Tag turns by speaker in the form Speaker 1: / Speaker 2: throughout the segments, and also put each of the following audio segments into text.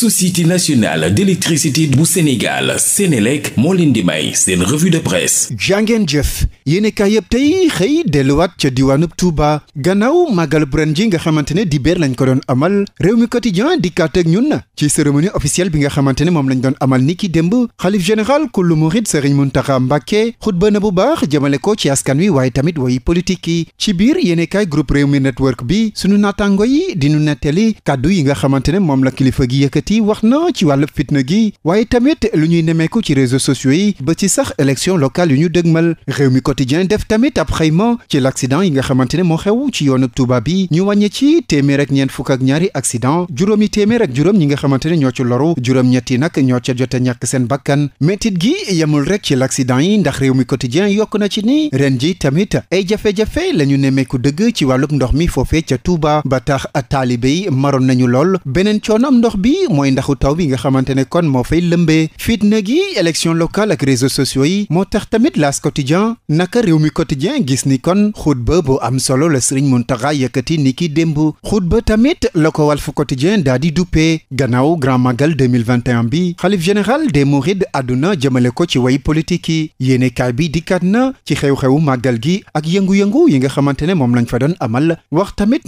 Speaker 1: société nationale d'électricité bu Sénégal Sénélec moo leen di may seen revue de presse jàngeen jëf yéenekaay yëpp tey xëy delluwaat ca diwaanub Touba gannaaw màggal bren ji nga xamante ne ber lañ ko doon amal réew mi quotidien dikkaat ak ñun ci cérémonie officielle bi nga xamante ne moom lañ doon amal ni ki démb xalif général kullu murid Serigne Mountakha Mbacké xutba na bu baax jëmale ko ci askan wi waaye tamit woy politique yi ci biir yéenekaay groupe réew mi network bi sunu naataango yi dinu nettali kàddu yi nga xamante ne moom la kilifa gi yi wax na ci wàllu fitna gi waaye tamit lu ñuy nemeeku ci réseaux sociaux yi ba ci sax élection locale yu ñu dëgmal réew mi quotidien def tamit ab xayma ci l'accident yi nga xamante ne moo xew ci yoonu Touba bi ñu wàññee ci téeméer ak ñeent fukk ak ñaari accident juróomi téeméer ak juróom ñi nga xamante ne ñoo ci loru juróom-ñett yi nag ñoo ca jote ñàkk seen bakkan métit gi yemul rek ci l'accident yi ndax réew mi quotidien yokk na ci ni ren ji tamit ay jafe-jafe la ñu nemeeku dëgg ci wàllub ndox mi foofee ca Touba ba tax taalibe yi maroon nañu lool beneen coonam ndox bi mooy ndaxu taw bi nga xamante ne kon moo fay lëmbee fitna gi élection locale ak réseaux sociaux yi moo tax tamit L'As Quotidien naka réew mi quotidien gis ni kon xutba bu am solo la Sëriñ Muntaxa yëkkati ni ki démb xutba tamit la ko Walf Quotidien daa di duppee gannaaw Grand Magal 2021 bi xalif général des mourides àdduna jëmale ko ci way politique yi yéenekaay bi dikkaat na ci xew-xewu màggal gi ak yëngu-yëngu yi nga xamante ne moom lañ fa doon amal wax tamit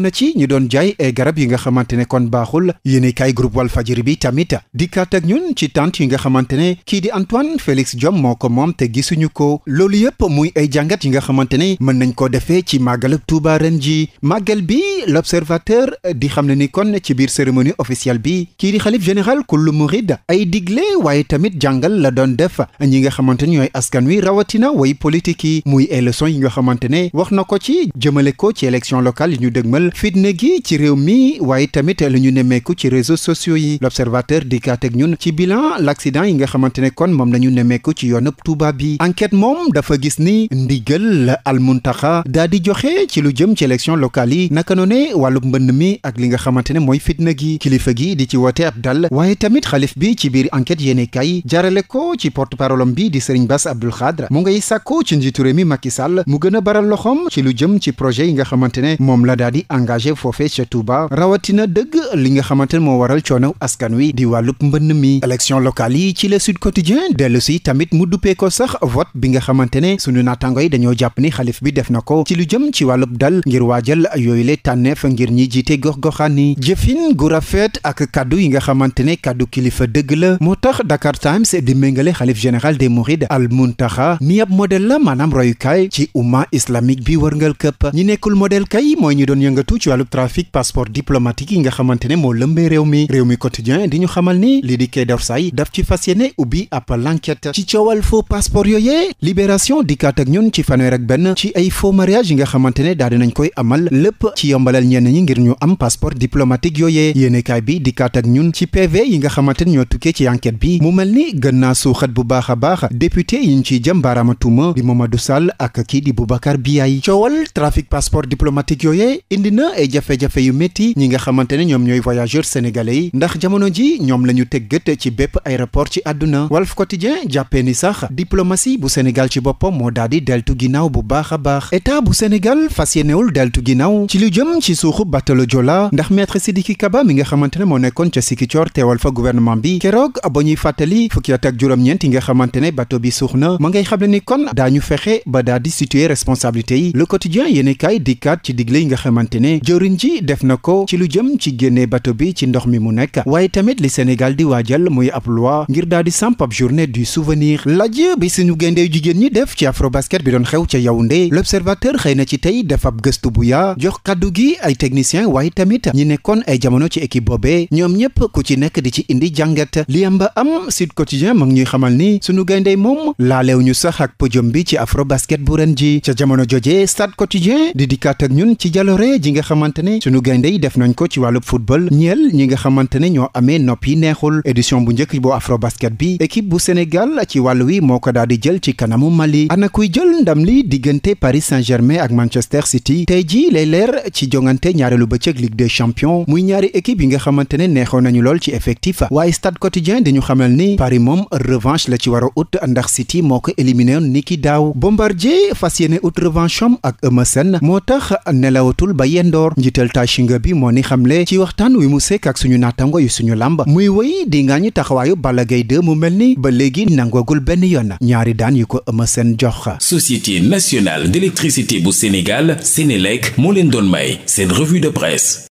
Speaker 1: na ci ñi doon jaay ay garab yi nga xamante ne kon baaxul yéene kaay groupe Walfadjri bi tamit dikkaat ak ñun ci tente yi nga xamante ne kii di Antoine Félix jom moo ko moom te gisuñu ko loolu yëpp muy ay jàngat yi nga xamante ne mën nañ koo defee ci màggal Touba ren ji màggal bi l'observateur di xam ne ni kon ci biir cérémonie officielle bi kii di xalif général kullu murid ay digle waaye tamit jàngal la doon def ñi nga xamante ne ñooy askan wi rawatina way politique yi muy élection yi xamante ne wax na ko ci jëmale ko ci élection locale yi ñu dëgmal fitne gi mi waaye tamit lu ñu nemmeeku ci réseau sociaux yi l'observateur dikkaat ak ñun ci bilan l'accident yi nga xamante ne kon moom la ñu nemmeeku ci yoonub Touba bi enquête moom dafa gis ni la almuntaxa daa di joxe ci lu jëm ci élection locale yi naka noone wàllub mbënn mi ak li nga xamante ne mooy fitna gi kilifa gi di ci wote ab dal waaye tamit xalif bi ci biir enquête yéene kay jarale ko ci porte parole bi di Serigne Bass Abdoul Khadre mu ngay sàkko ci njiitu réew mi Macky Sall mu gën a baral loxoom ci lu jëm ci projet yi nga xamante ne moom la daa di engagé foofee rawatina dëgg li nga xamante ne moo waral coono askan wi di wàllu mbënn mi élection locale yi ci le Sud Quotidien dellu si tamit mu duppee ko sax vote bi nga xamante ne sunu naataango yi dañoo jàpp ni xalif bi def na ko ci lu jëm ci wàllu dal ngir waajal yooyu le tànneef ngir ñi jiite gox-goxaan yi jëfin gu rafet ak kaddu yi nga xamante ne kaddu kilifa dëgg la moo tax Dakar Times di méngale xalif général des Mourides al Muntaxa mi ab modèle la maanaam royukaay ci umma islamique bi wërngal këpp ñi nekkul modèle kay mooy ñu doon yëngatu ci wàllub trafic passeport diplomatique yi nga xamante ne moo lëmbee réew mi réew mi quotidien di ñu xamal ni lii di Kédoursay daf ci fas yéene ubbi ab l'enquête ci coowal faux passeport yooyee libération dikkaat ak ñun ci fanweer ak benn ci ay faux mariage yi nga xamante ne daal dinañ koy amal lépp ci yombalal ñenn ñi ngir ñu am passeport diplomatique yooyee yéenekaay bi dikkaat ak ñun ci PV yi nga xamante ne ñoo tukkee ci enquête bi mu mel ni gën naa suuxat bu baax a baax député yi di Mamadou Sall ak ñi nga xamante ne ñoom ñooy voyageurs sénégale yi ndax jamono ji ñoom la ñu tëggat ci bépp aéroport ci àdduna Walf Quotidien jàppe ni sax diplomatie bu Sénégal ci boppam moo daal di deltu ginnaw bu baax a baax état bu Sénégal fas yéenewul deltu ginnaaw ci lu jëm ci suuxu bateau Joola ndax maître Sidiki Kaba mi nga xamante ne moo nekkoon ca Sikicoor teewal fa gouvernement bi keroog ba ñuy fàttali fukki at ak juróom-ñeent yi nga xamante ne bateau bi suux na ma ngay xam ne ni kon daañu fexe ba daal di situer responsabilité yi le quotidien yéene kaay dikkaat ci digle yi nga xamante ne jëriñ ji def na ko ci lu jëm ci génne bato bi ci ndox mi mu nekk waaye tamit li Sénégal di waa waajal muy ab loi ngir daal di samp ab journée du souvenir laj bi suñu géndee jigéen ñi def ci afrobasket bi doon xew ca Yaoundé l'observateur xëy na ci tey def ab gëstu bu yaa jox kaddu gi ay technicien waaye tamit ñi nekkoon ay jamono ci équipe boobee ñoom ñépp ku ci nekk di ci indi jàngat li am ba am Sud Quotidien mag ñuy xamal ni suñu gayndey moom laalew ñu sax ak podium bi ci afrobasket bu ren ji ca jamono joje Stade Quotidien di dikkaat ak ñun ci jaloore ji nga xamante ne suñu gayndey def nañ ko ci wàllub football ñeel ñi nga xamante ne ñoo amee nopp yi neexul édition bu njëkk bu afrobasket bi équipe bu Sénégal ci wàll wi moo ko daal di jël ci kanamu Mali ana kuy jël ndam li diggante Paris Saint-Germain ak Manchester City tey jii lay leer ci jongante ñaareelu bëccëg Ligue des champion muy ñaari équipe yi nga xamante ne neexoon nañu lool ci effectif waaye stade quotidien dañu xamal ni Paris moom revanche la ci war a ut ndax City moo ko éliminé woon ni ki daaw Bombardier fas yéene ut revanche am ak Eumeu Sène moo tax nelawatul ba yendoor njiital moo ni xamle ci waxtaan wi mu sekk ak suñu naatango yi suñu làmb muy woy di nga ñi taxawaayu bala gay 2 mu mel ni ba léegi nangoogul benn yoon ñaari daan yu ko Eumeu seen jox Société nationale d'électricité bu Sénégal Sénélec moo leen doon may seen revue de presse